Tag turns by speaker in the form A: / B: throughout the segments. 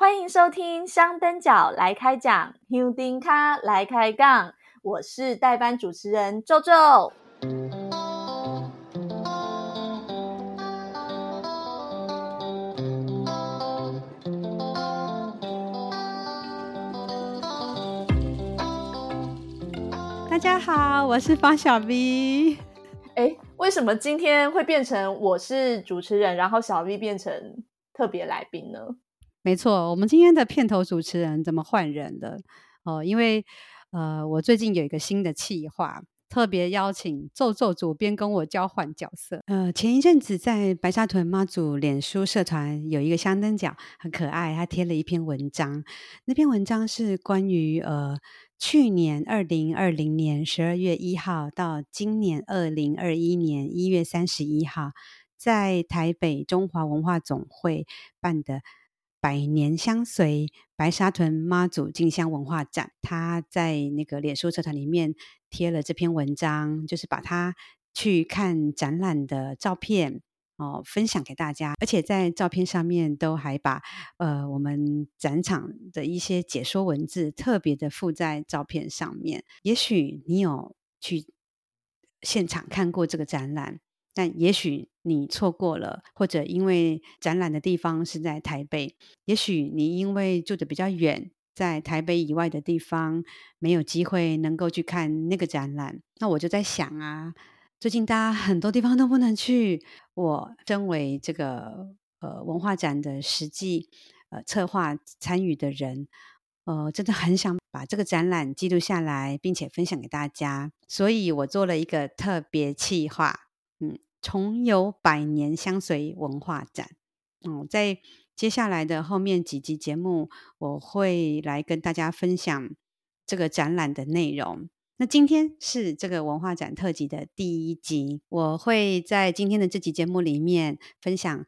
A: 歡迎收聽香燈腳來開講，牛丁卡來開槓，我是代班主持人宙宙。大家好，我是方小 V。哎，為什麼今天會變成我是主持人，然後小 V 變成特別來賓呢？
B: 沒錯，我們今天的片頭主持人怎麼換人了？哦、呃，因為呃，我最近有一個新的企劃，特別邀請宙宙主編跟我交換角色。呃，前一陣子在白沙屯媽祖臉書社團有一個香燈腳，很可愛，他貼了一篇文章。那篇文章是關於呃，去年二零二零年十二月一號到今年二零二一年一月三十一號，在台北中華文化總會辦的。百年香隨，白沙屯媽祖進香文化展。他在那個臉書社團裡面貼了這篇文章，就是把他去看展覽的照片哦，分享給大家，而且在照片上面都還把呃我們展場的一些解說文字特別的附在照片上面。也許你有去現場看過這個展覽。但也許你錯過了，或者因為展覽的地方是在台北，也許你因為住的比較遠，在台北以外的地方沒有機會能夠去看那個展覽。那我就在想啊，最近大家很多地方都不能去，我身為這個呃文化展的實際呃策劃參與的人，呃，真的很想把這個展覽記錄下來，並且分享給大家。所以我做了一個特別企劃。重遊百年香隨文化展，嗯、哦，在接下來的後面幾集節目，我會來跟大家分享這個展覽的內容。那今天是這個文化展特輯的第一集，我會在今天的這集節目裡面分享，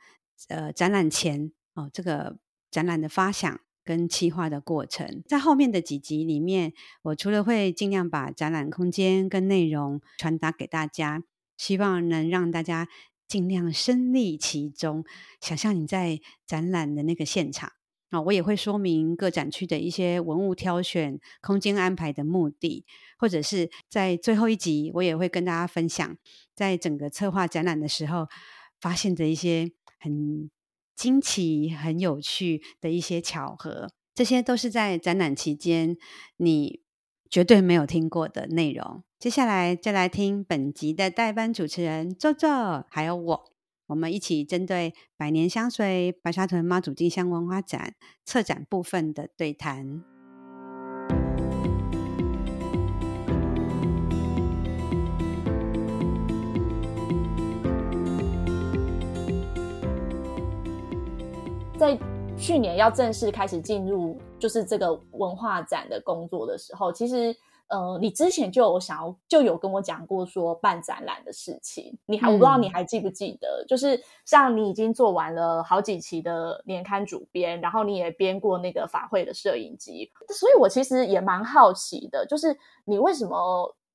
B: 呃，展覽前，哦，這個展覽的發想跟企劃的過程。在後面的幾集裡面，我除了會盡量把展覽空間跟內容傳達給大家。希望能讓大家儘量身歷其中，想象你在展覽的那個現場。啊、哦，我也會說明各展區的一些文物挑選、空間安排的目的，或者是在最後一集，我也會跟大家分享，在整個策劃展覽的時候發現的一些很驚奇、很有趣的一些巧合。這些都是在展覽期間你絕對沒有聽過的內容。接下來，就來聽本集的代班主持人宙宙，還有我，我們一起針對百年香隨白沙屯媽祖進香文化展策展部分的對談。
A: 在去年要正式開始進入。就是這個文化展的工作的時候，其實，呃，你之前就有想要，就有跟我講過說，辦展覽的事情。你還，我不知道你還記不記得？嗯，就是像你已經做完了好幾期的年刊主編，然後你也編過那個法會的攝影集。所以我其實也蠻好奇的，就是你為什麼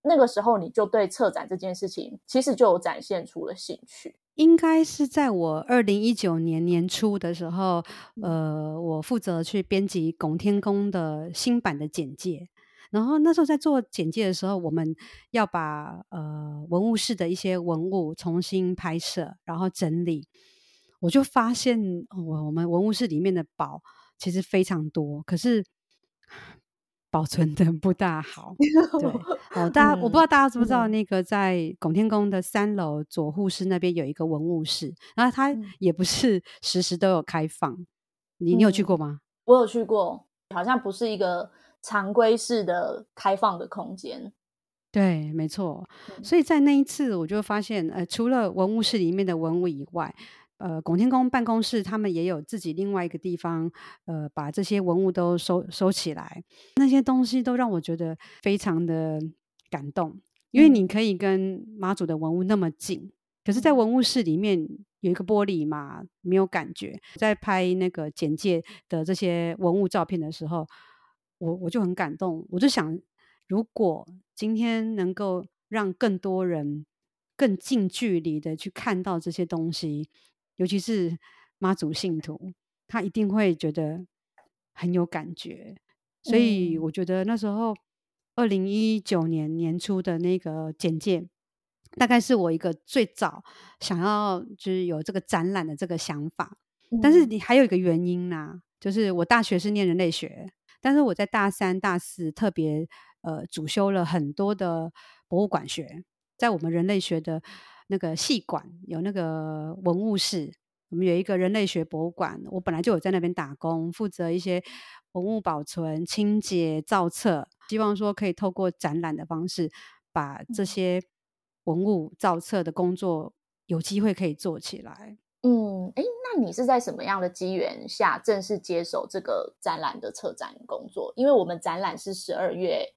A: 那個時候，你就對策展這件事情，其實就有展現出了興趣？
B: 應該是在我二零一九年年初的時候，呃，我負責去編輯拱天宮的新版的簡介。然後那時候在做簡介的時候，我們要把呃文物室的一些文物重新拍攝，然後整理。我就發現，我、哦、我們文物室裡面的寶其實非常多，可是。保存得不大好， 對。哦，大家、 嗯、我不知道大家知不知道那個在拱天宮的三樓左護室那邊有一個文物室，然後它也不是時時都有開放。嗯、你你有去過嗎？
A: 我有去過，好像不是一個常規式的開放的空間。
B: 對，沒錯。所以在那一次，我就發現，呃，除了文物室裡面的文物以外，呃，拱天宮辦公室他們也有自己另外一個地方，呃，把這些文物都收收起來。那些東西都讓我覺得非常的感動，因為你可以跟媽祖的文物那麼近，可是，在文物室裡面有一個玻璃嘛，沒有感覺。在拍那個簡介的這些文物照片的時候，我我就很感動，我就想，如果今天能夠讓更多人更近距離的去看到這些東西。尤其是媽祖信徒，他一定會覺得很有感覺。所以我覺得那時候二零一九年年初的那個簡介，大概是我一個最早想要就是有這個展覽的這個想法。嗯，但是你還有一個原因呢，啊，就是我大學是念人類學，但是我在大三、大四特別呃主修了很多的博物館學，在我們人類學的。那個戲館有那個文物室，我們有一個人類學博物館。我本來就有在那邊打工，負責一些文物保存、清潔、造冊。希望說可以透過展覽的方式，把這些文物造冊的工作有機會可以做起來。
A: 嗯，哎、欸，那你是在什麼樣的機緣下正式接手這個展覽的策展工作？因為我們展覽是十二月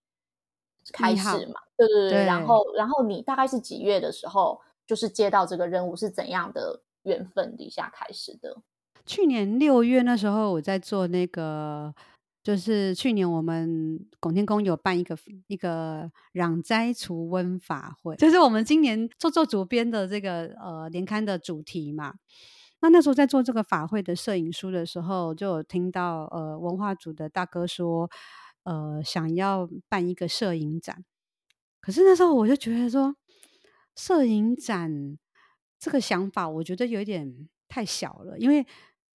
B: 開始嘛，對對對。
A: 然後，然後你大概是幾月的時候？就是接到這個任務是怎樣的緣分底下開始的？
B: 去年六月那時候，我在做那個，就是去年我們拱天宮有辦一個一個攘災除瘟法會，就是我們今年做做主編的這個呃聯刊的主題嘛。那那時候在做這個法會的攝影書的時候，就有聽到呃文化組的大哥說，呃想要辦一個攝影展，可是那時候我就覺得說，攝影展這個想法，我覺得有一點太小了，因為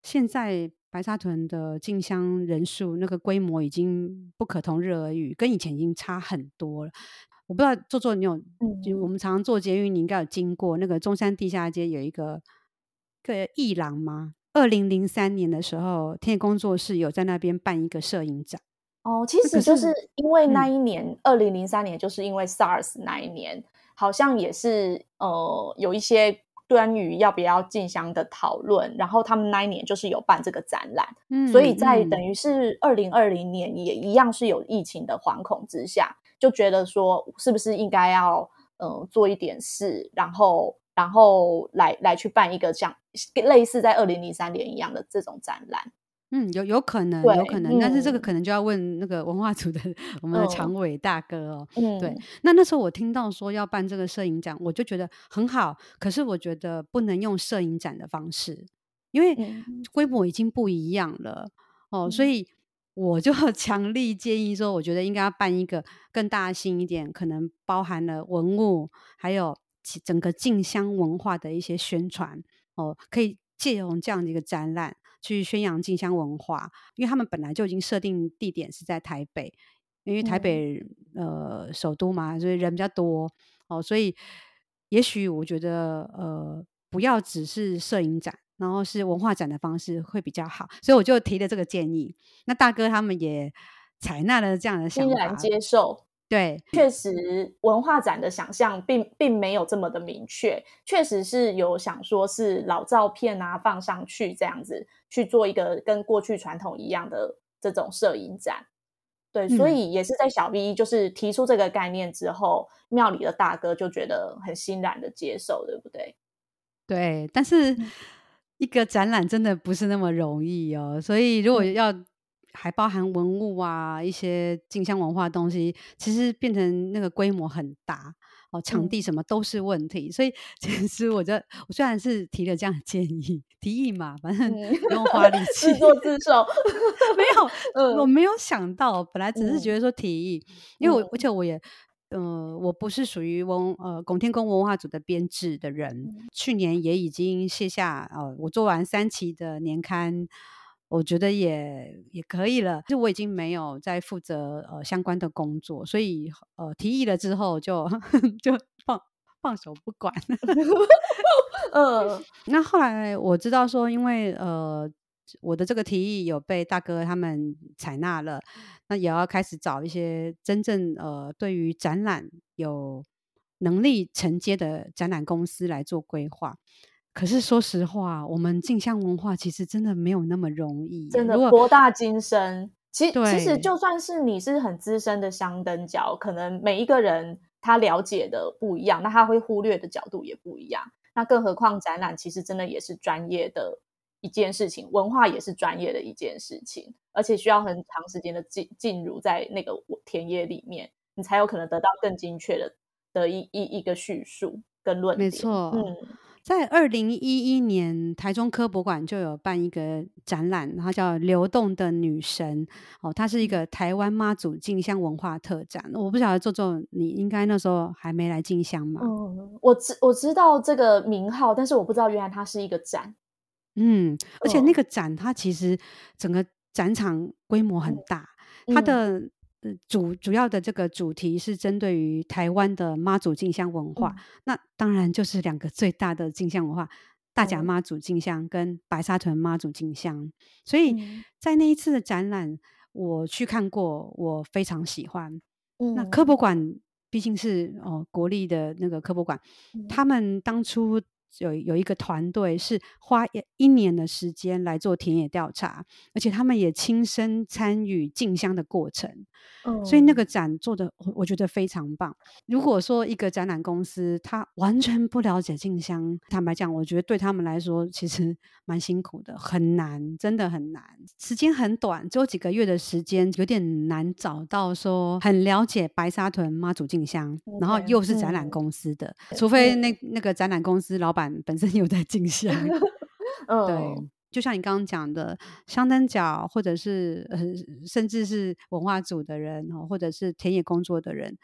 B: 現在白沙屯的進香人數那個規模已經不可同日而語，跟以前已經差很多了。我不知道做做你有，就、嗯、我們常常坐捷運，你應該有經過那個中山地下街有一個一個藝廊嗎？二零零三年的時候，天藝工作室有在那邊辦一個攝影展。
A: 哦，其實就是因為那一年，二零零三年，就是因為 SARS 那一年。好像也是呃有一些關於要不要進香的討論，然後他們那一年就是有辦這個展覽，嗯，所以在等於是二零二零年也一樣是有疫情的惶恐之下，就覺得說是不是應該要嗯，呃，做一點事，然後然後來來去辦一個像類似在二零零三年一樣的這種展覽。
B: 嗯，有有可能，有可能，嗯，但是這個可能就要問那個文化組的我們的常委大哥哦。哦對，嗯。那那時候我聽到說要辦這個攝影展，我就覺得很好。可是我覺得不能用攝影展的方式，因為規模已經不一樣了，嗯、哦。所以我就強烈建議說，我覺得應該要辦一個更大型一點，可能包含了文物，還有整個進香文化的一些宣傳哦，可以借用這樣的一個展覽，去宣揚進香文化，因為他們本來就已經設定地點是在台北，因為台北、嗯、呃首都嘛，所以人比較多哦，所以也許我覺得呃不要只是攝影展，然後是文化展的方式會比較好，所以我就提了這個建議，
A: 那大哥他們也採納了這樣的想法，欣然接受。對，確實文化展的想象並並沒有這麼的明確，確實是有想說是老照片啊放上去這樣子去做一個跟過去傳統一樣的這種攝影展。對，所以也是在小 V 就是提出這個概念之後，嗯，廟裡的大哥就覺得很欣然的接受，對不對？
B: 對，但是一個展覽真的不是那麼容易哦，所以如果要，嗯。還包含文物啊，一些進香文化東西，其實變成那個規模很大哦，呃，場地什麼都是問題，嗯、所以其實我覺得，我雖然是提了這樣的建議，提議嘛，反正不用花力氣做。嗯、 自作自受。 沒有，嗯，我沒有想到，本來只是覺得說提議，嗯、因為我而且我也，呃、我不是屬於文呃拱天宮文化組的編制的人，嗯，去年也已經卸下，呃、我做完三期的年刊。我覺得也也可以了，就我已經沒有在負責呃相關的工作，所以呃提議了之後就呵呵就放放手不管了、 呃。那後來我知道說，因為呃我的這個提議有被大哥他們採納了，嗯、那也要開始找一些真正呃對於展覽有能力承接的展覽公司來做規劃。可是說實話，我們進香文化其實真的沒有那麼容易，真的
A: 博大精深。其其實就算是你是很資深的香燈腳，可能每一個人他了解的不一樣，那他會忽略的角度也不一樣。那更何況展覽其實真的也是專業的一件事情，文化也是專業的一件事情，而且需要很長時間的進進入在那個田野裡面，你才有可能得到更精確的的一一一,一個敘述跟論點。沒錯，嗯。在二零
B: 一一年，台中科博館就有辦一個展覽，它叫《流動的女神》哦，它是一個台灣媽祖進香文化特展。我不曉得，宙宙，你應該那時候還沒來進香嘛？
A: 我知我知道這個名號，但是我不知道原來它是一個展。
B: 嗯，而且那個展、哦、它其實整個展場規模很大，嗯、它的。嗯主主要的這個主題是針對於台灣的媽祖進香文化、嗯，那當然就是兩個最大的進香文化，大甲媽祖進香跟白沙屯媽祖進香、嗯。所以在那一次的展覽，我去看過，我非常喜歡。嗯、那科博館畢竟是哦、呃、國立的那個科博館、嗯，他們當初。有有一個團隊是花一一年的時間來做田野調查，而且他們也親身參與進香的過程。嗯，所以那個展做的，我覺得非常棒。如果說一個展覽公司他完全不了解進香，坦白講，我覺得對他們來說其實蠻辛苦的，很難，真的很難。時間很短，只有幾個月的時間，有點難找到說很了解白沙屯媽祖進香，okay, 然後又是展覽公司的，嗯，除非那那個展覽公司老板。本身有在進香。 oh. 對，就像你剛剛講的，香燈腳或者是、呃、甚至是文化組的人，或者是田野工作的人，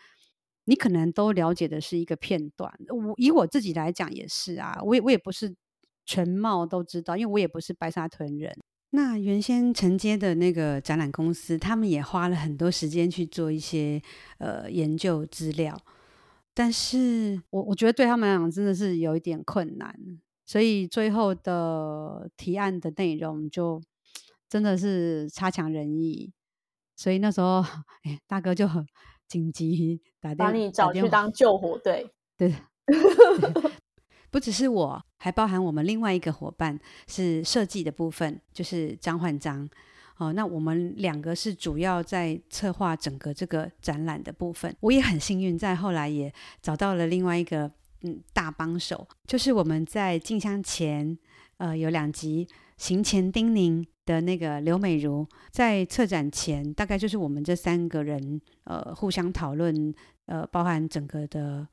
B: 你可能都了解的是一個片段。我以我自己來講也是啊，我也我也不是全貌都知道，因為我也不是白沙屯人。那原先承接的那個展覽公司，他們也花了很多時間去做一些呃研究資料。但是我我覺得對他們來講真的是有一點困難，所以最後的提案的內容就真的是差強人意。所以那時候，哎，大哥就很緊急打電話把你找去
A: 當救火隊，對，
B: 對。不只是我，還包含我們另外一個夥伴，是設計的部分，就是張煥章。哦，那我們兩個是主要在策劃整個這個展覽的部分。我也很幸運，在後來也找到了另外一個嗯大幫手，就是我們在進香前，呃，有兩集行前叮嚀的那個劉美汝，在策展前，大概就是我們這三個人呃互相討論，呃，包含整個的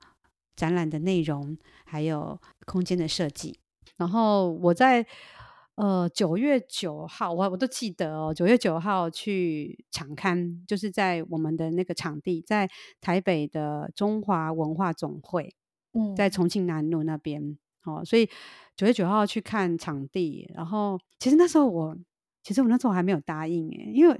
B: 展覽的內容，還有空間的設計。然後我在。呃，九月九號，我我都記得哦。九月九號去場勘，就是在我們的那個場地，在台北的中華文化總會，嗯，在重慶南路那邊。嗯、哦，所以九月九號去看場地，然後其實那時候我，其實我那時候還沒有答應哎，因
A: 為。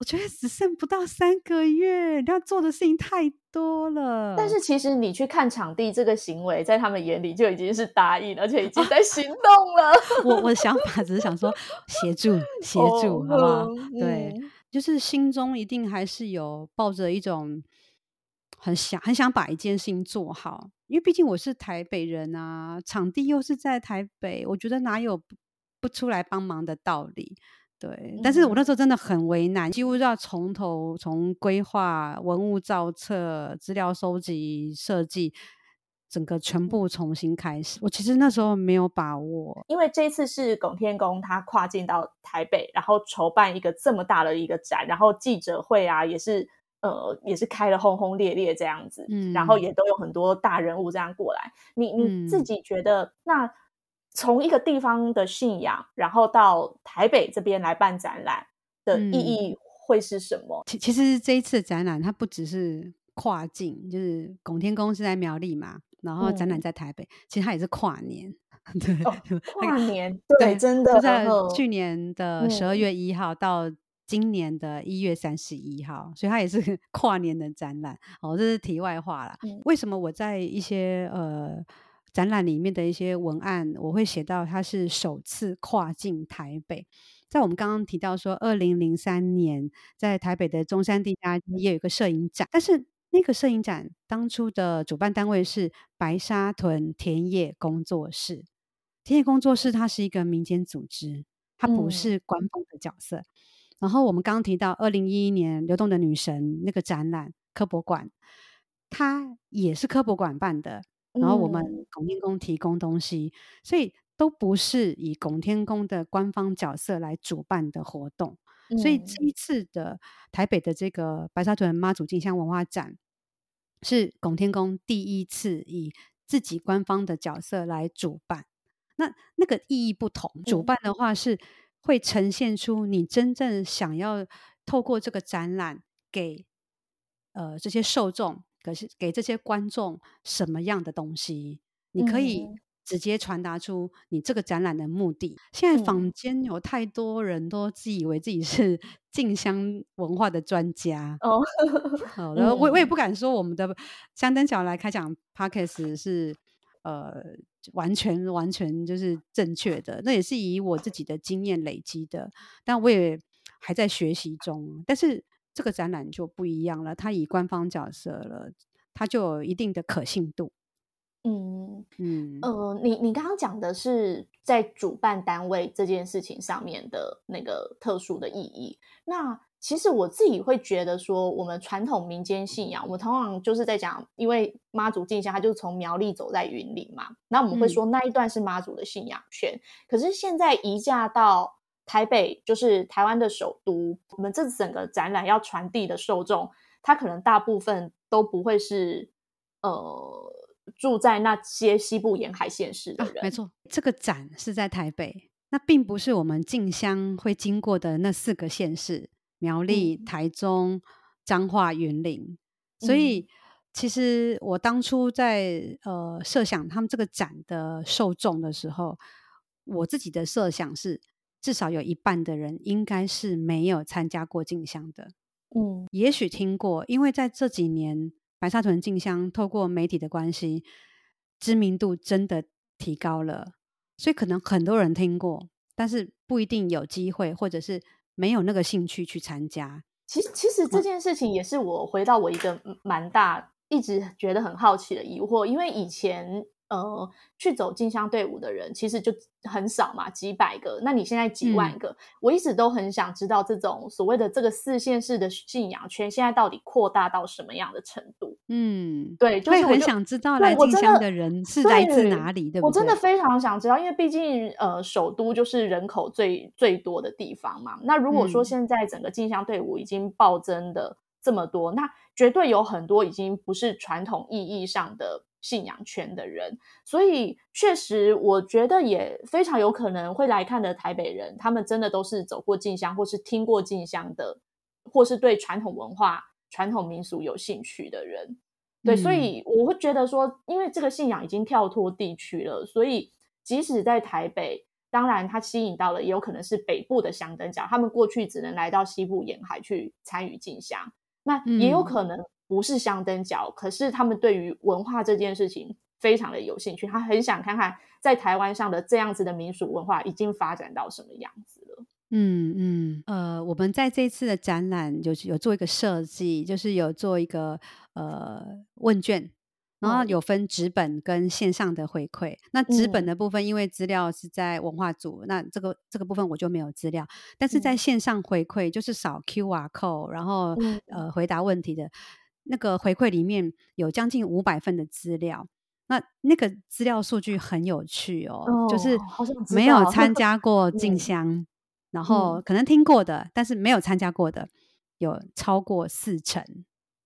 A: 我覺得只剩不到三個月，你要做的事情太多了。但是其實你去看場地這個行為，在他們眼裡就已經是答應，而且已經在行
B: 動了。啊、我我的想法只是想說協助協助， 協助 oh, 好嗎？嗯、對，就是心中一定還是有抱着一種很想很想把一件事情做好。因為畢竟我是台北人啊，場地又是在台北，我覺得哪有不出來幫忙的道理。對，但是我那時候真的很為難，嗯、幾乎就要從頭從規劃、文物造冊、資料收集、設計，整個全部重新開始。我其實那時候沒有把
A: 握，因為這一次是拱天宮他跨境到台北，然後籌辦一個這麼大的一個展，然後記者會啊，也是呃，也是開了轟轟烈烈這樣子，嗯，然後也都有很多大人物這樣過來。你你自己覺得、嗯、那？從一個地方的信仰，然後到台北這邊來辦展覽的意義、嗯、會是什麼？其
B: 其實這一次展覽，它不只是跨境，就是拱天宮是在苗栗嘛，然後展覽在台北，嗯、其實它也是跨年。
A: 對，哦、跨年 對，對，真的。就在、是啊、去
B: 年的十二月一號到今年的一月三十一號，所以它也是跨年的展覽。哦，這是題外話了、嗯。為什麼我在一些呃？展覽裡面的一些文案，我會寫到它是首次跨境台北。在我們剛剛提到說2003，二零零三年在台北的中山地下也有一個攝影展，但是那個攝影展當初的主辦單位是白沙屯田野工作室。田野工作室它是一個民間組織，它不是官方的角色。嗯。然後我們剛剛提到二零一一年《流動的女神》那個展覽，科博館它也是科博館辦的。然後我們拱天宮提供東西、嗯，所以都不是以拱天宮的官方角色來主辦的活動。嗯、所以這一次的台北的這個白沙屯媽祖進香文化展，是拱天宮第一次以自己官方的角色來主辦，那那個意義不同。主辦的話是會呈現出你真正想要透過這個展覽給呃這些受眾。可是給這些觀眾什麼樣的東西？
A: 你可以
B: 直接傳達出你這個展覽的目的。現在坊間有太多人都自以為自己是進香文化的專家
A: 哦、嗯。好，嗯、我
B: 我也不敢說我們的香燈腳來開講 Podcast 是呃完全完全就是正確的。那也是以我自己的經驗累積的，但我也還在學習中。但是。這個展覽就不一樣了，它以官方角色了，它就有一定的可信度。嗯嗯
A: 呃，你你剛剛講的是在主辦單位這件事情上面的那個特殊的意義。那其實我自己會覺得說，我們傳統民間信仰，我們通常就是在講，因為媽祖進香，它就是從苗栗走在雲林嘛。那我們會說那一段是媽祖的信仰圈，嗯，可是現在移駕到。台北就是台灣的首都。我們這整個展覽要傳遞的受眾，他可能大部分都不會是，呃，住在那些西部沿海縣市的人。啊、沒錯，這個展是在台北，
B: 那並不是我們進香會經過的那四個縣市：苗栗、嗯、台中、彰化、雲林。所以、嗯，其實我當初在呃設想他們這個展的受眾的時候，我自己的設想是，至少有一半的人應該是沒有參加過進香的，嗯，也許聽過，因為在這幾年，白沙屯進香透過媒體的關係，知名度真的提高了，所以可能很多人聽過，但是不一定有機會，或者是沒有那個興趣去參加。
A: 其實，其實這件事情也是我、嗯、回到我一個蠻大，一直覺得很好奇的疑惑，因為以前。呃，去走進香隊伍的人其實就很少嘛，幾百個。那你現在幾萬個？嗯、我一直都很想知道，這種所謂的這個四縣市的信仰圈，現在到底擴大到什麼樣的程度？嗯，對，就，是、我就會很想知道來進香的人的的是來自哪裡的。我真的非常想知道，因為畢竟呃，首都就是人口最最多的地方嘛。那如果說現在整個進香隊伍已經暴增的這麼多，嗯，那絕對有很多已經不是傳統意義上的。信仰圈的人，所以確實，我覺得也非常有可能會來看的台北人，他們真的都是走過進香或是聽過進香的，或是對傳統文化、傳統民俗有興趣的人。
B: 嗯。對，所以
A: 我會覺得說，因為這個信仰已經跳脫地區了，所以即使在台北，當然它吸引到了，也有可能是北部的香燈腳，他們過去只能來到西部沿海去參與進香，那也有可能。嗯。不是香燈腳，可是他們對於文化這件事情非常的有興趣，他很想看看在台灣上的這樣子的民俗文化已經發展到什麼樣子了。
B: 嗯嗯，呃，我們在這一次的展覽有有做一個設計，就是有做一個呃問卷，然後有分紙本跟線上的回饋，嗯。那紙本的部分，因為資料是在文化組，嗯，那這個這個部分我就沒有資料，但是在線上回饋就是掃 QR code，然後，嗯，呃回答問題的。那個回饋裡面有將近五百份的資料，那那個資料數據很有趣哦，哦就是沒有參加過進香，然後可能聽過的， 嗯、但是沒有參加過的有超過四成。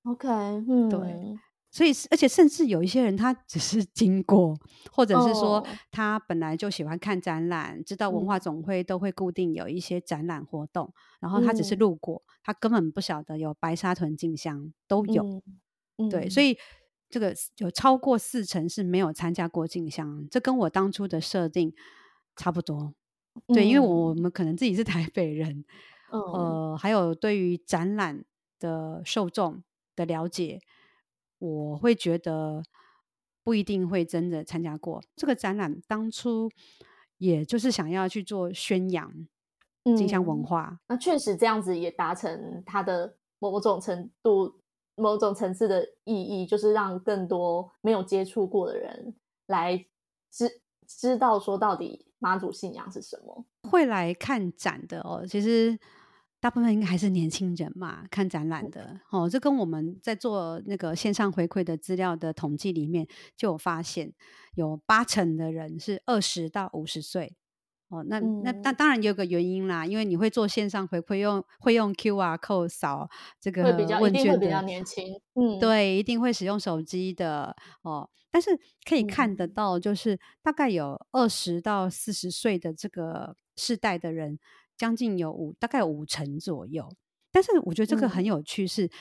A: OK、嗯、對。所以，而
B: 且甚至有一些人，他只是經過，或者是說他本來就喜歡看展覽，oh. 知道文化總會都會固定有一些展覽活動，oh. 然後他只是路過，oh. 他根本不曉得有白沙屯進香都有
A: ，oh. 對，所以
B: 這個有超過四成是沒有參加過進香，這跟我當初的設定差不多，對，oh. 因為我我們可能自己是台北人，
A: 呃，oh.
B: 還有對於展覽的受眾的了解。我會覺得不一定會真的參加過這個展覽。當初也就是想要去做宣揚進香文化，
A: 嗯，那確實這樣子也達成它的某種程度、某種層次的意義，就是讓更多沒有接觸過的人來知知道說到底媽祖信仰是什麼。
B: 會來看展的哦，其實。大部分應該還是年輕人嘛，看展覽的哦。這跟我們在做那個線上回饋的資料的統計裡面就有發現，有八成的人是二十到五十歲。哦，那、嗯、那那，那當然有個原因啦，因為你會做線上回饋，用會用 QR code 掃這個問卷比較，一
A: 定會比較年輕。嗯，
B: 對，一定會使用手機的哦。但是可以看得到，就是、嗯、大概有二十到四十歲的這個世代的人。將近有五，大概五成左右。但是我覺得這個很有趣是，是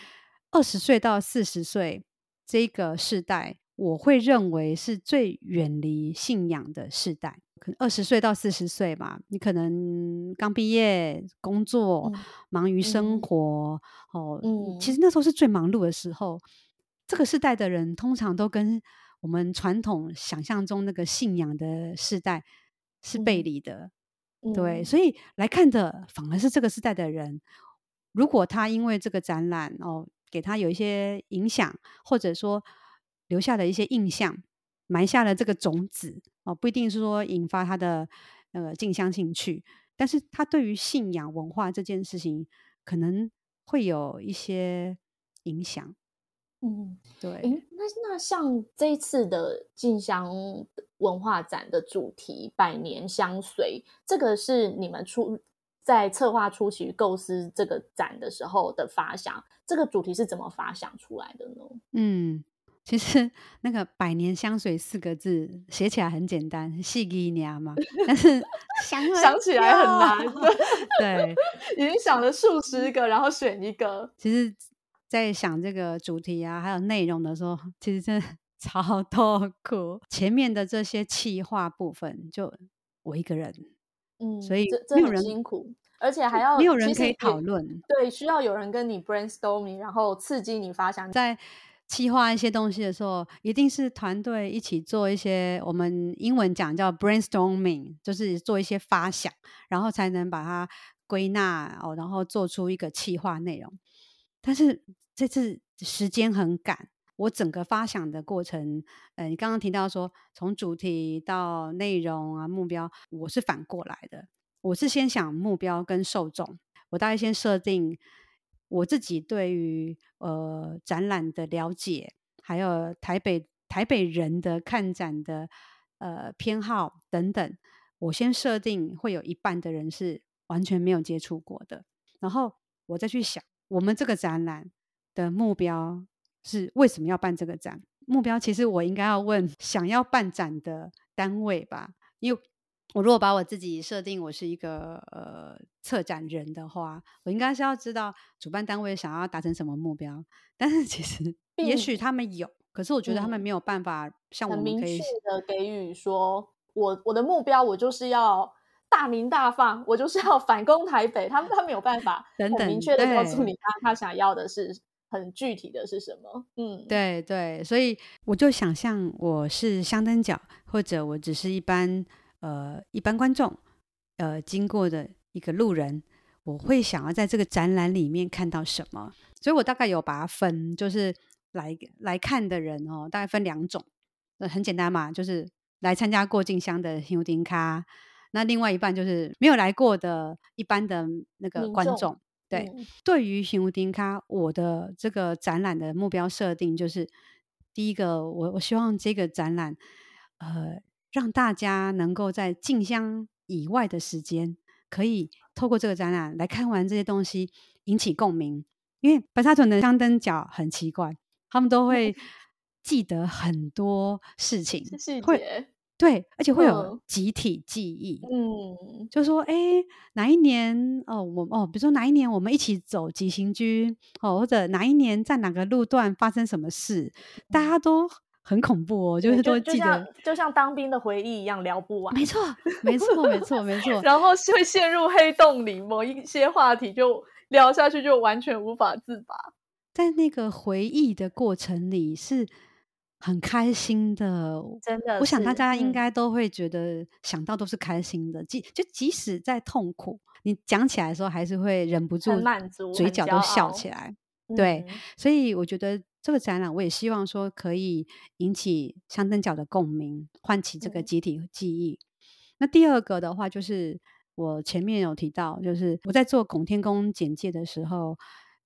B: 二十歲到四十歲這個世代，我會認為是最遠離信仰的世代。可能二十歲到四十歲吧，你可能剛畢業、工作、嗯、忙於生活、嗯，哦，嗯，其實那時候是最忙碌的時候。嗯、這個世代的人，通常都跟我們傳統想象中那個信仰的世代是背離的。嗯嗯、對，所以來看的反而是這個時代的人，如果他因為這個展覽哦，給他有一些影響，或者說留下了一些印象，埋下了這個種子哦，不一定是說引發他的呃進香興趣，但是他對於信仰文化這件事情，可能會有一些影響。
A: 嗯，對。那那像這一次的進香文化展的主題“百年香隨”，這個是你們出在策劃初期構思這個展的時候的發想，這個主題是怎麼發想出來的呢？嗯，
B: 其實那個“百年香隨”四個字寫起來很簡單，四字而已嘛， 但
A: 是想想起來很難。 對， 已經想了數十個，嗯，然後選一個。
B: 其實。在想這個主題啊，還有內容的時候，其實真的超痛苦。前面的這些企劃部分，就我一個人，嗯，
A: 所以真的很辛苦，而且還要沒有人可以討論。對，需要有人跟你 brainstorming，然後刺激你發想。在企劃一些東西的時
B: 候，一定是團隊一起做一些。我們英文講叫 brainstorming，就是做一些發想，然後才能把它歸納哦，然後做出一個企劃內容。但是這次時間很趕，我整個發想的過程，呃，你剛剛提到說從主題到內容啊，目標我是反過來的，我是先想目標跟受眾，我大概先設定我自己對於呃展覽的了解，還有台北台北人的看展，的呃偏好等等，我先設定會有一半的人是完全沒有接觸過的，然後我再去想我們這個展覽。的目標是為什麼要辦這個展？目標其實我應該要問想要辦展的單位吧，因為我如果把我自己設定我是一個呃策展人的話，我應該是要知道主辦單位想要達成什麼目標。但是其實也許他們有、嗯，可是我覺得他們沒有辦法像我們可以明確
A: 的給予說，我我的目標我就是要大鳴大放，我就是要反攻台北。他們他們沒有辦法等等，明確的告訴你他他想要的是。很具體的是什麼？嗯，
B: 對對，所以我就想象我是香燈腳，或者我只是一般呃一般觀眾呃經過的一個路人，我會想要在這個展覽裡面看到什麼？所以我大概有把它分，就是來來看的人哦，大概分兩種，呃很簡單嘛，就是來參加過進香的香燈腳，那另外一半就是沒有來過的一般的那個觀眾。對、嗯，對於《尋烏丁卡》，我的這個展覽的目標設定就是：第一個，我我希望這個展覽，呃，讓大家能夠在進香以外的時間，可以透過這個展覽來看完這些東西，引起共鳴。因為白沙屯的香燈腳很奇怪，他們都會記得很多事情， 會。對，而且會有集體記憶，嗯，就說誒，哪一年哦，我哦，比如說哪一年我們一起走急行軍，哦，或者哪一年在哪個路段發生什麼事，大家都很恐怖哦，嗯，就是都會記得就就，
A: 就像當兵的回憶一樣聊不完，沒錯，沒錯，沒錯，沒錯， 然後會陷入黑洞裡，某一些話題就聊下去就完全無法自拔，
B: 在那個回憶的過程裡是。很開心的，真的。我想大家應該都會覺得，想到都是開心的。嗯、即就即使再痛苦，你講起來的時候，還是會忍不住嘴角都笑起來。對、嗯，所以我覺得這個展覽，我也希望說可以引起香燈腳的共鳴，喚起這個集體記憶。嗯。那第二個的話，就是我前面有提到，就是我在做拱天宮簡介的時候，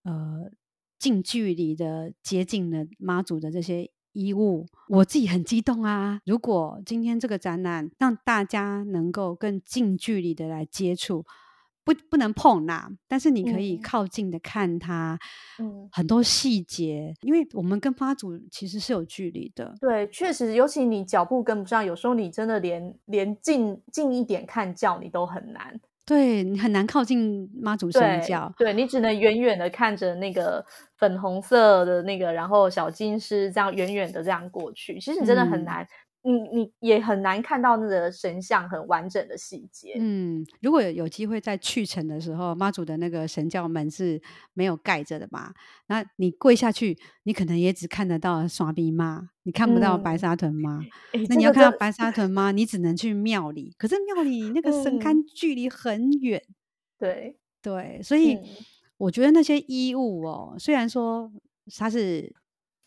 B: 呃，近距離的接近了媽祖的這些。衣物，我自己很激動啊！如果今天這個展覽讓大家能夠更近距離的來接觸，不不能碰它，但是你可以靠近的看它，嗯，很多細節，因為我們跟發組其實是有距離的，
A: 對，確實，尤其你腳步跟不上，有時候你真的連連近近一點看叫你都很難。
B: 對你很難靠近媽祖神轎，對，
A: 對你只能遠遠的看着那個粉紅色的那個，然後小金獅這樣遠遠的這樣過去。其實你真的很難。嗯。你你也很難看到那個神像很完整的細節。嗯，
B: 如果有機會在去程的時候，媽祖的那個神轎門是沒有蓋着的吧？那你跪下去，你可能也只看得到山邊媽，你看不到白沙屯媽。嗯。那你要看到白沙屯媽，你只能去廟裡。 可是廟裡那個神龕距離很遠。嗯、對對，所以、嗯、我覺得那些衣物哦，雖然說它是。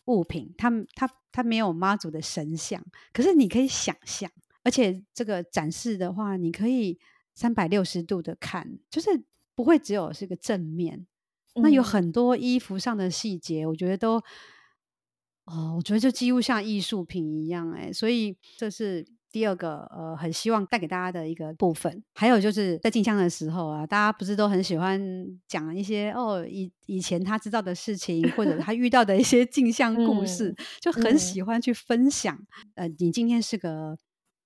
B: 物品，它它它沒有媽祖的神像，可是你可以想象，而且這個展示的話，你可以三百六十度的看，就是不會只有是個正面，
A: 嗯、那有很
B: 多衣服上的細節，我覺得都，哦，我覺得就幾乎像藝術品一樣，欸，誒，所以這是。第二個呃，很希望帶給大家的一個部分，還有就是在進香的時候啊，大家不是都很喜歡講一些哦，以以前他知道的事情， 或者他遇到的一些進香故事，嗯，就很喜歡去分享。嗯、呃，你今天是個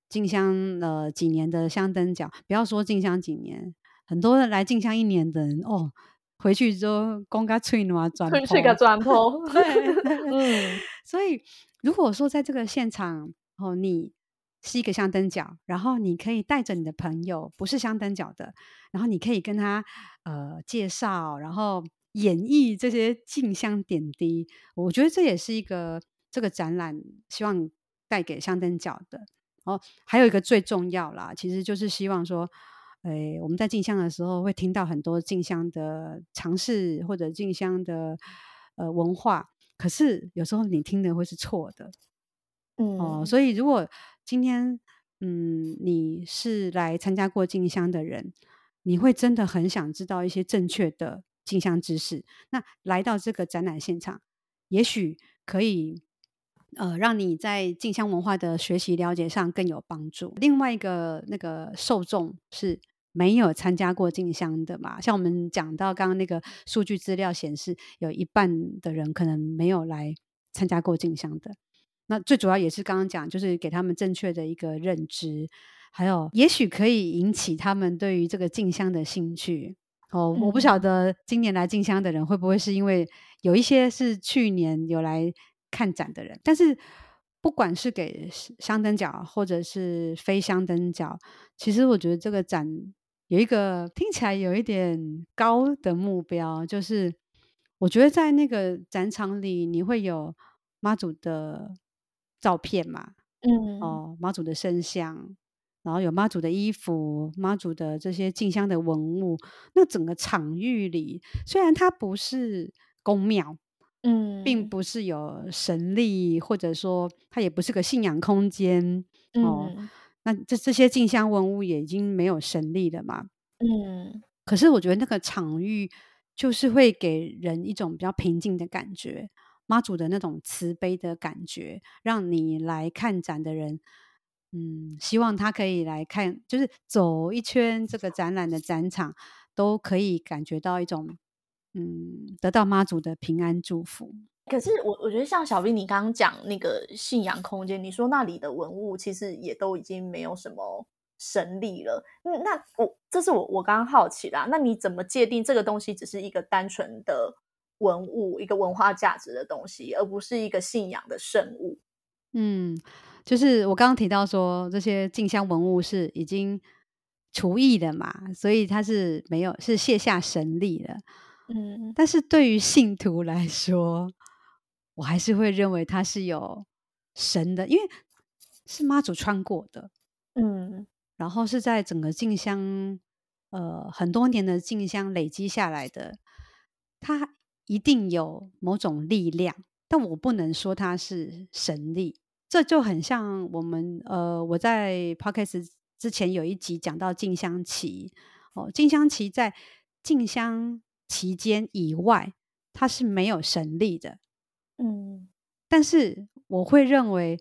B: 進香了，呃、幾年的香燈腳，不要說進香幾年，很多人來進香一年的人哦，回去之後公嘎吹努啊，轉頭，吹個轉頭 對， 嗯。 所以如果說在這個現場哦，你是一個香燈腳，然後你可以帶着你的朋友，不是香燈腳的，然後你可以跟他呃介紹，然後演繹這些進香點滴。我覺得這也是一個這個展覽希望帶給香燈腳的。哦，還有一個最重要啦，其實就是希望說，哎、我們在進香的時候會聽到很多進香的嘗試或者進香的呃文化，可是有時候你聽的會是錯的。嗯哦、呃，所以如果。今天，嗯，你是來參加過進香的人，你會真的很想知道一些正確的進香知識。那來到這個展覽現場，也許可以，呃，讓你在進香文化的學習了解上更有幫助。另外一個那個受眾是沒有參加過進香的嘛？像我們講到剛剛那個數據資料顯示，有一半的人可能沒有來參加過進香的。那最主要也是剛剛講，就是給他們正確的一個認知，還有也許可以引起他們對於這個進香的興趣。哦、嗯，我不曉得今年來進香的人會不會是因為有一些是去年有來看展的人，但是不管是給香燈腳或者是非香燈腳，其實我覺得這個展有一個聽起來有一點高的目標，就是我覺得在那個展場裡你會有媽祖的。照片嘛，嗯，哦，媽祖的神像，然後有媽祖的衣服，媽祖的這些進香的文物，那整個場域裡，雖然它不是宮廟，嗯，並不是有神力，或者說它也不是個信仰空間，哦，嗯、那這這些進香文物也已經沒有神力了嘛，嗯，可是我覺得那個場域就是會給人一種比較平靜的感覺。媽祖的那種慈悲的感覺，讓你來看展的人，嗯，希望他可以來看，就是走一圈這個展覽的展場，都可以感覺到一種，嗯，得到媽祖的平安祝福。
A: 可是我我覺得像小斌你剛剛講那個信仰空間，你說那裡的文物其實也都已經沒有什麼神力了，嗯，那我這是我我剛剛好奇啦，啊，那你怎麼界定這個東西只是一個單純的？文物，一個文化價值的東西，而不是一個信仰的聖物。
B: 嗯，就是我剛剛提到說，這些進香文物是已經除役的嘛，所以它是沒有、是卸下神力的。嗯，但是對於信徒來說，我還是會認為它是有神的，因為是媽祖穿過的。嗯，然後是在整個進香呃，很多年的進香累積下來的，它。一定有某種力量，但我不能說它是神力。這就很像我們呃，我在 podcast 之前有一集講到進香期哦，進香期在進香期間以外，它是沒有神力的。嗯，但是我會認為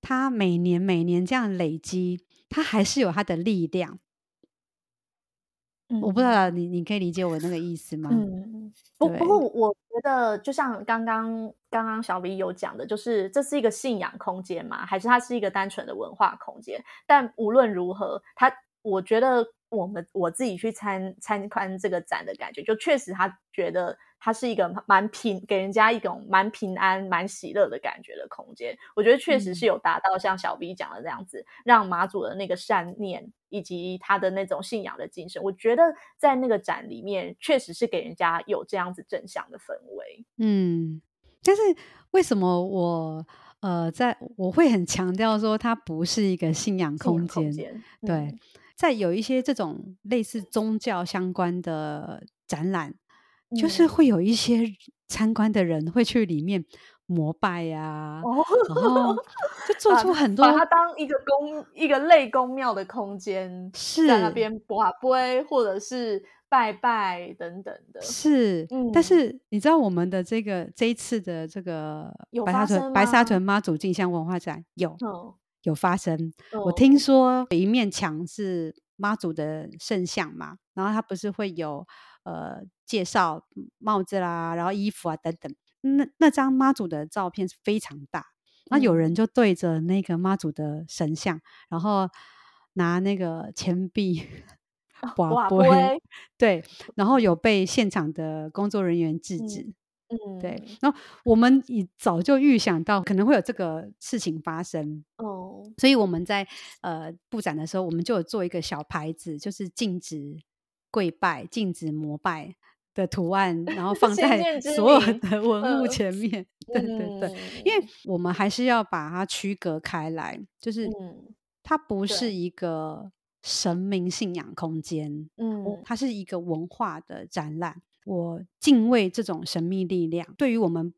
B: 它每年每年這樣累積，它還是有它的力量。
A: 嗯，我不知道
B: 啊，你你可以理解我那個意思嗎？嗯。不，不過
A: 我覺得，就像剛剛剛剛小 V 有講的，就是這是一個信仰空間嘛，還是它是一個單純的文化空間？但無論如何，它，我覺得。我們我自己去參參觀這個展的感覺，就確實他覺得他是一個蠻平，給人家一種蠻平安、蠻喜樂的感覺的空間。我覺得確實是有達到像小 B 講的這樣子，嗯、讓媽祖的那個善念以及他的那種信仰的精神，我覺得在那個展裡面確實是給人家有這樣子正向的氛圍。
B: 嗯，但是為什麼我呃，在我會很強調說它不是一個信仰空間？空間嗯、對。在有一些這種類似宗教相關的展覽、嗯，就是會有一些參觀的人會去裡面膜拜呀、啊哦，然
A: 後就做出很多、 啊、把它當一個宮一個類宮廟的空間，是在那邊跋杯或者是拜拜等等的。是，
B: 嗯、但是你知道我們的這個這一次的這個白沙屯，白沙屯媽祖進香文化展有。嗯有發生、哦，我聽說有一面牆是媽祖的神像嘛，然後他不是會有呃介紹帽子啦，然後衣服啊等等，那那張媽祖的照片是非常大，那有人就對着那個媽祖的神像、嗯，然後拿那個錢幣，把、嗯、龜，對，然後有被現場的工作人員制止。嗯嗯，對，然後我們已早就預想到可能會有這個事情發生哦，所以我們在呃布展的時候，我們就有做一個小牌子，就是禁止跪拜，禁止膜拜的圖案，然後放在所有的文物前面。前面呃，對對對，嗯，因為我們還是要把它區隔開來，就是它不是一個神明信仰空間，嗯，它是一個文化的展覽。我敬畏這種神秘力量，對於我們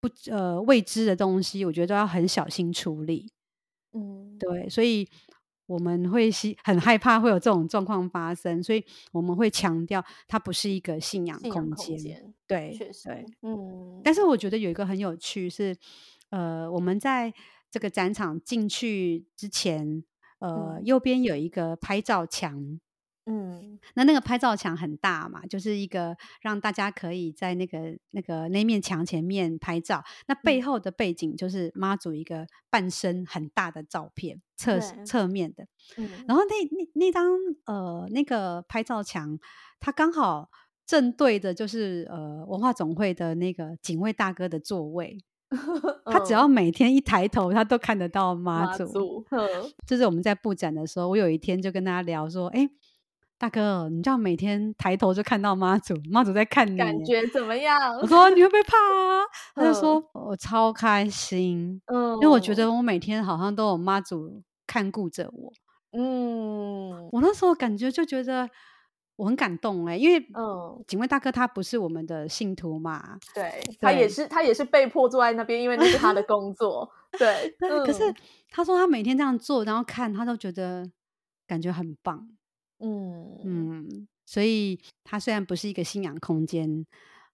B: 不呃未知的東西，我覺得都要很小心處理。嗯，對，所以我們會很害怕會有這種狀況發生，所以我們會強調它不是一個信仰空間。對，
A: 確實對，嗯。
B: 但是我覺得有一個很有趣是，呃，我們在這個展場進去之前，呃，嗯、右邊有一個拍照牆。嗯，那那個拍照牆很大嘛，就是一個讓大家可以在那個那個那面牆前面拍照，那背後的背景就是媽祖一個半身很大的照片，側側面的、嗯。然後那那那張呃那個拍照牆，它剛好正對着就是呃文化總會的那個警衛大哥的座位、 嗯，他只要每天一抬頭，他都看得到媽祖，媽祖。就是我們在布展的時候，我有一天就跟大家聊說，哎、欸。大哥，你知道每天抬頭就看到媽祖，媽祖在看你，感覺
A: 怎麼樣？我說你會不會怕啊？ 嗯、他就說，
B: 我、哦、超開心，嗯，
A: 因為我覺得
B: 我每天好像都有媽祖看顧着我，嗯，我那時候感覺就覺得我很感動哎、欸，因為嗯，警衛大哥他不是我們的信徒嘛，嗯、
A: 對他也是，他也是被迫坐在那邊，因為那是他的工作， 對，嗯、對，
B: 可是他說他每天這樣做，然後看他都覺得感覺很棒。嗯嗯，所以它雖然不是一個信仰空間、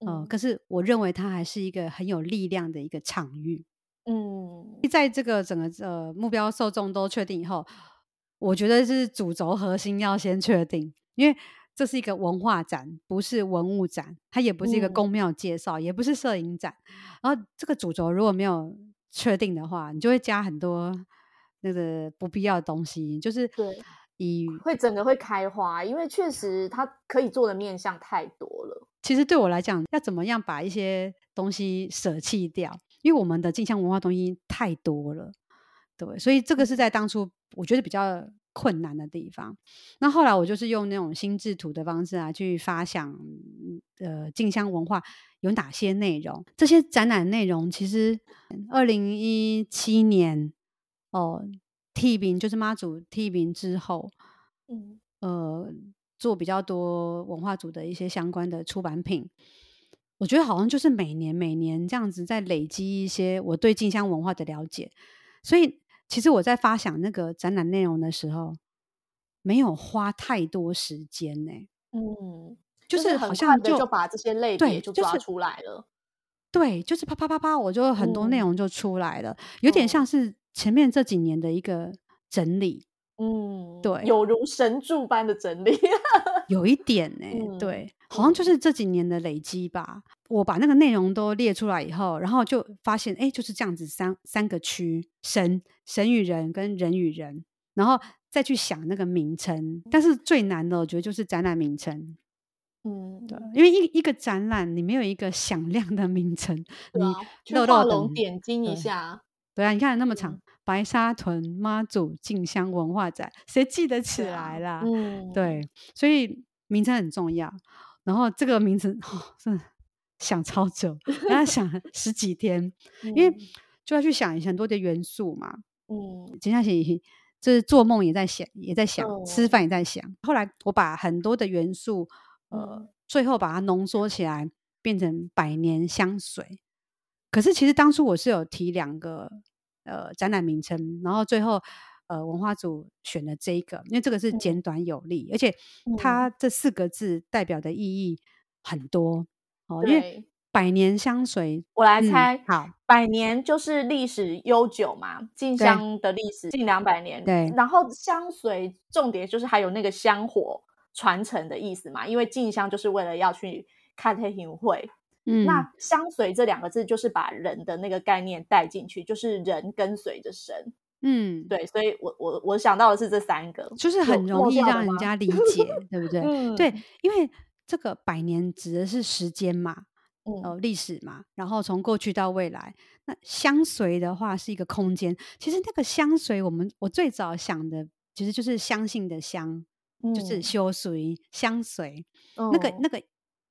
B: 嗯，呃，可是我認為它還是一個很有力量的一個場域。嗯，在這個整個呃目標受眾都確定以後，我覺得是主軸核心要先確定，因為這是一個文化展，不是文物展，它也不是一個宮廟介紹、嗯，也不是攝影展。然後這個主軸如果沒有確定的話，你就會加很多那個不必要的東西，就是對。以
A: 會整個會開花，因為確實它可以做的面向太多了。
B: 其實對我來講，要怎麼樣把一些東西捨棄掉？因為我們的進香文化東西太多了，對，所以這個是在當初我覺得比較困難的地方。那後來我就是用那種心智圖的方式啊，去發想呃，進香文化有哪些內容？這些展覽內容其實二零一七年哦，T 品就是媽祖 T 品之後，
A: 嗯，
B: 呃，做比較多文化組的一些相關的出版品，我覺得好像就是每年每年這樣子在累積一些我對進香文化的了解，所以其實我在發想那個展覽內容的時候，沒有花太多時間呢、欸。嗯，就是好像就、就是、很快就把
A: 這些類別就抓出來了，
B: 對，就是、就是、啪啪啪啪，我就很多內容就出來了，嗯、有點像是。嗯前面這幾年的一個整理，嗯，
A: 對，有如神助般的整理，
B: 有一點哎、欸嗯，對，好像就是這幾年的累積吧、嗯。我把那個內容都列出來以後，然後就發現，哎、欸，就是這樣子三三個區：神神與人跟人與人，然後再去想那個名稱。但是最難的，我覺得就是展覽名稱，
A: 嗯，對，
B: 因為一一個展覽你沒有一個響亮的名稱、嗯，你就畫龍點睛一下對，對啊，你看那麼長。嗯白沙屯媽祖進香文化展，誰記得起來啦，啊嗯？對，所以名稱很重要。然後這個名字哦，真的想超久， 要想十幾天，嗯，因為就要去想一想很多的元素嘛。嗯，幾年就是做夢也在想，也在想，嗯，吃飯也在想。後來我把很多的元素，呃，最後把它濃縮起來，變成百年香水。可是其實當初我是有提兩個。呃，展覽名稱，然後最後，呃，文化組選了這一個，因為這個是簡短有力，嗯、而且它這四個字代表的意義很多、嗯、哦。因為百年香隨、嗯，我來猜，我來猜、嗯，好，
A: 百年就是歷史悠久嘛，進香的歷史近兩百年，對。然後香隨重點就是還有那個香火傳承的意思嘛，因為進香就是為了要去看黑庭會。嗯，那香隨這兩個字就是把人的那個概念帶進去，就是人跟隨着神。
B: 嗯，
A: 對，所以我我我想到的是這三個，就是很容易讓人家理解，
B: 對不對、嗯？對，因為這個百年指的是時間嘛，哦、嗯，歷、呃、史嘛，然後從過去到未來。那香隨的話是一個空間，其實那個香隨，我們我最早想的其實就是相信的相、嗯，就是修於相隨，那個那個。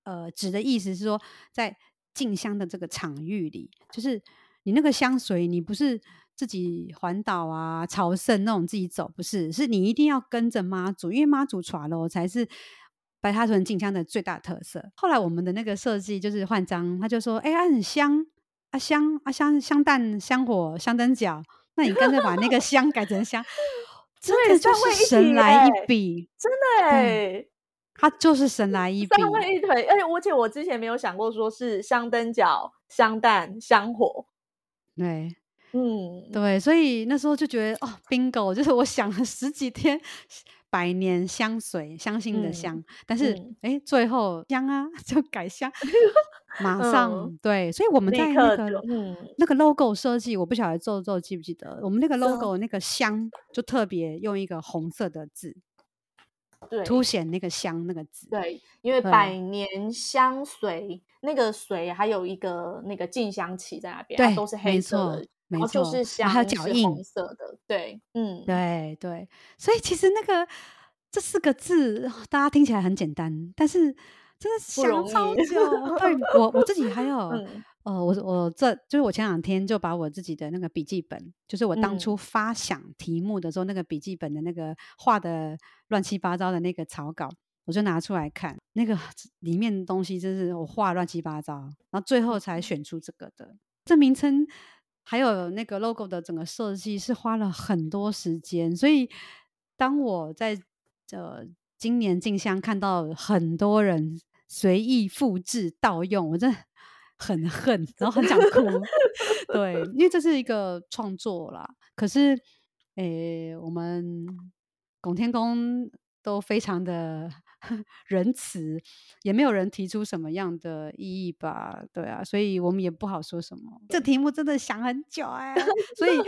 B: 呃，指的意思是說，在進香的這個場域裡，就是你那個香水，你不是自己環島啊、朝聖那種自己走，不是，是你一定要跟着媽祖，因為媽祖船了，才是白沙屯進香的最大特色。後來我們的那個設計就是煥章，他就說：“哎、欸，啊、很香，啊，香，啊，香，香蛋、香火、香燈腳。」那你乾脆把那個香改成香，
A: 真的就是神來一筆， 真的哎。”
B: 它就是神來一筆，三位一
A: 體。而且我之前沒有想過，說是香燈腳、香蛋、香火。
B: 對，嗯，對。所以那時候就覺得，哦，Bingo，就是我想了十幾天，百年相隨，相信的相、嗯。但是，哎、嗯，最後香啊，就改香。 馬上、嗯、對，所以我們在那個、嗯、那個 logo 設計，我不曉得宙宙記不記得，我們那個 logo、嗯、那個香就特別用一個紅色的字。凸顯那個香那個字，
A: 對，因為百年香隨那個隨，還有一個那個靜香旗在那邊，對、啊，都是黑色的，沒
B: 錯，然後就是香是、啊，還有腳印
A: 紅色的，對，
B: 嗯，對對，所以其實那個這四個字，大家聽起來很簡單，但是
A: 真的想的超久，對我我自己還有。嗯
B: 呃、哦，我我這就是我前兩天就把我自己的那個筆記本，就是我當初發想題目的時候、嗯、那個筆記本的那個畫的亂七八糟的那個草稿，我就拿出來看，那個裡面東西真是我畫亂七八糟，然後最後才選出這個的。嗯、這名稱還有那個 logo 的整個設計是花了很多時間，所以當我在呃今年進香看到很多人隨意複制盜用，我真很恨，然後很想哭， 對，因為這是一個創作啦。可是，誒、欸，我們拱天宮都非常的仁慈，也沒有人提出什麼樣的異議吧？對啊，所以我們也不好說什麼。這題目真的想很久哎、欸，
A: 所以、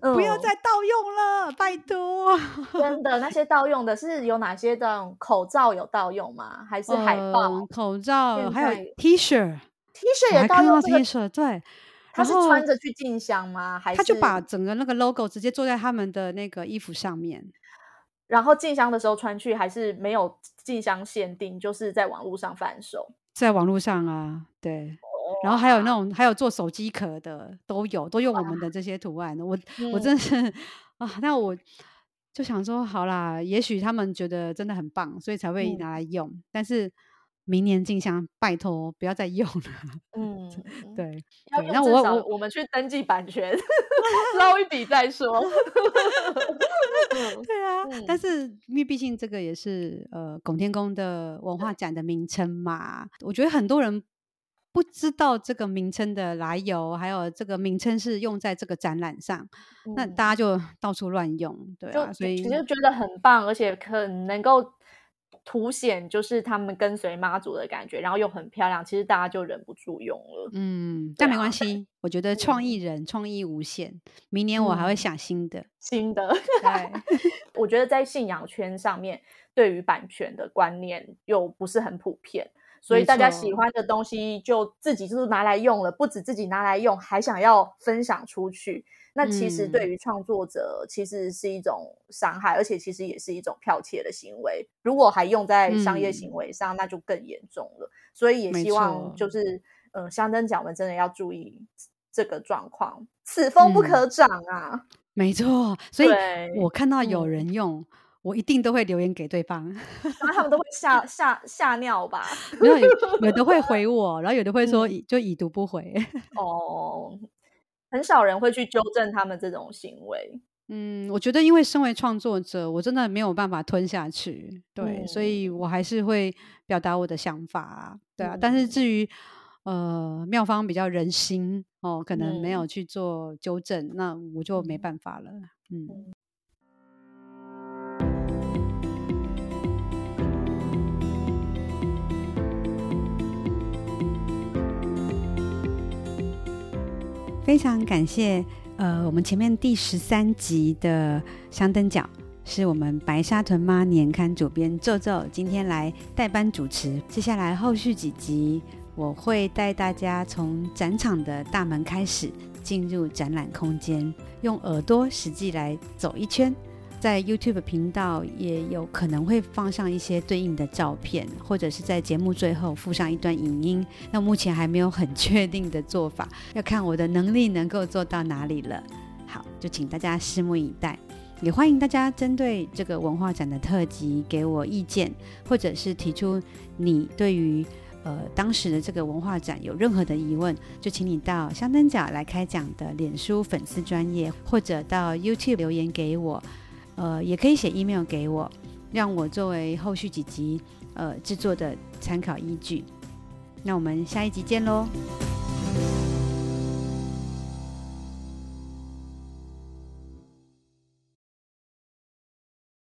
A: 嗯、不要再盜用了，拜托。真的，那些盜用的是有哪些的？口罩有盜用嗎？還是海報？嗯、口罩還有
B: T 恤。T 恤、啊、也看到 T 恤，對，
A: 這個，他是穿着去進香嗎？還是他就把
B: 整個那個 logo 直接做在他們的那個衣服上面，
A: 然後進香的時候穿去，還是沒有進香限定，就是在網絡上販售。
B: 在網絡上啊，對、哦啊。然後還有那種還有做手機殼的都有，都用我們的這些圖案。啊、我我真是、嗯、啊，那我就想說，好啦，也許他們覺得真的很棒，所以才會拿來用，嗯、但是。明年進香，拜託不要再用了。
A: 嗯，
B: 對。對那我我我，
A: 我們去登記版權，撈 一筆再說。
B: 對啊，嗯、但是因為畢竟這個也是呃拱天宮的文化展的名稱嘛、嗯，我覺得很多人不知道這個名稱的來由，還有這個名稱是用在這個展覽上、嗯，那大家就到處亂用，對啊。所以你就
A: 覺得很棒，而且很能夠凸顯就是他們跟隨媽祖的感覺，然後又很漂亮，其實大家就忍不住用了。
B: 嗯，啊、但沒關係，我覺得創意人創、嗯、意無限，明年我還會想新的、嗯、
A: 新的。 對，我覺得在信仰圈上面， 對於版權的觀念又不是很普遍，所以大家喜歡的東西就自己就是拿來用了，不止自己拿來用，還想要分享出去。那其實對於創作者、嗯，其實是一種傷害，而且其實也是一種剽竊的行為。如果還用在商業行為上，嗯、那就更嚴重了。所以也希望就是，嗯，相關講文真的要注意這個狀況，此風不可長啊。嗯、
B: 沒錯，所以我看到有人用，我一定都會留言給對方，
A: 嗯、然後他們都會嚇嚇嚇尿吧。
B: 有有，有的會回我，然後有的會說已、嗯、就已讀不回。
A: 哦。很少人會去糾正他們這種行為。
B: 嗯，我覺得因為身為創作者，我真的沒有辦法吞下去。對，嗯、所以我還是會表達我的想法。對啊，嗯、但是至於呃廟方比較人心哦，可能沒有去做糾正，嗯，那我就沒辦法了。嗯。嗯非常感謝，呃，我們前面第十三集的香燈腳是我們白沙屯媽年刊主編宙宙今天來代班主持。接下來後續幾集，我會帶大家從展場的大門開始進入展覽空間，用耳朵實際來走一圈。在 YouTube 頻道也有可能會放上一些對應的照片，或者是在節目最後附上一段影音。那目前還沒有很確定的做法，要看我的能力能夠做到哪裡了。好，就請大家拭目以待，也歡迎大家針對這個文化展的特輯給我意見，或者是提出你對於呃當時的這個文化展有任何的疑問，就請你到香燈腳來開講的臉書粉絲專頁，或者到 YouTube 留言給我。呃，也可以寫 email 給我，讓我作為後續幾集呃製作的參考依據。那我們下一集見嘍。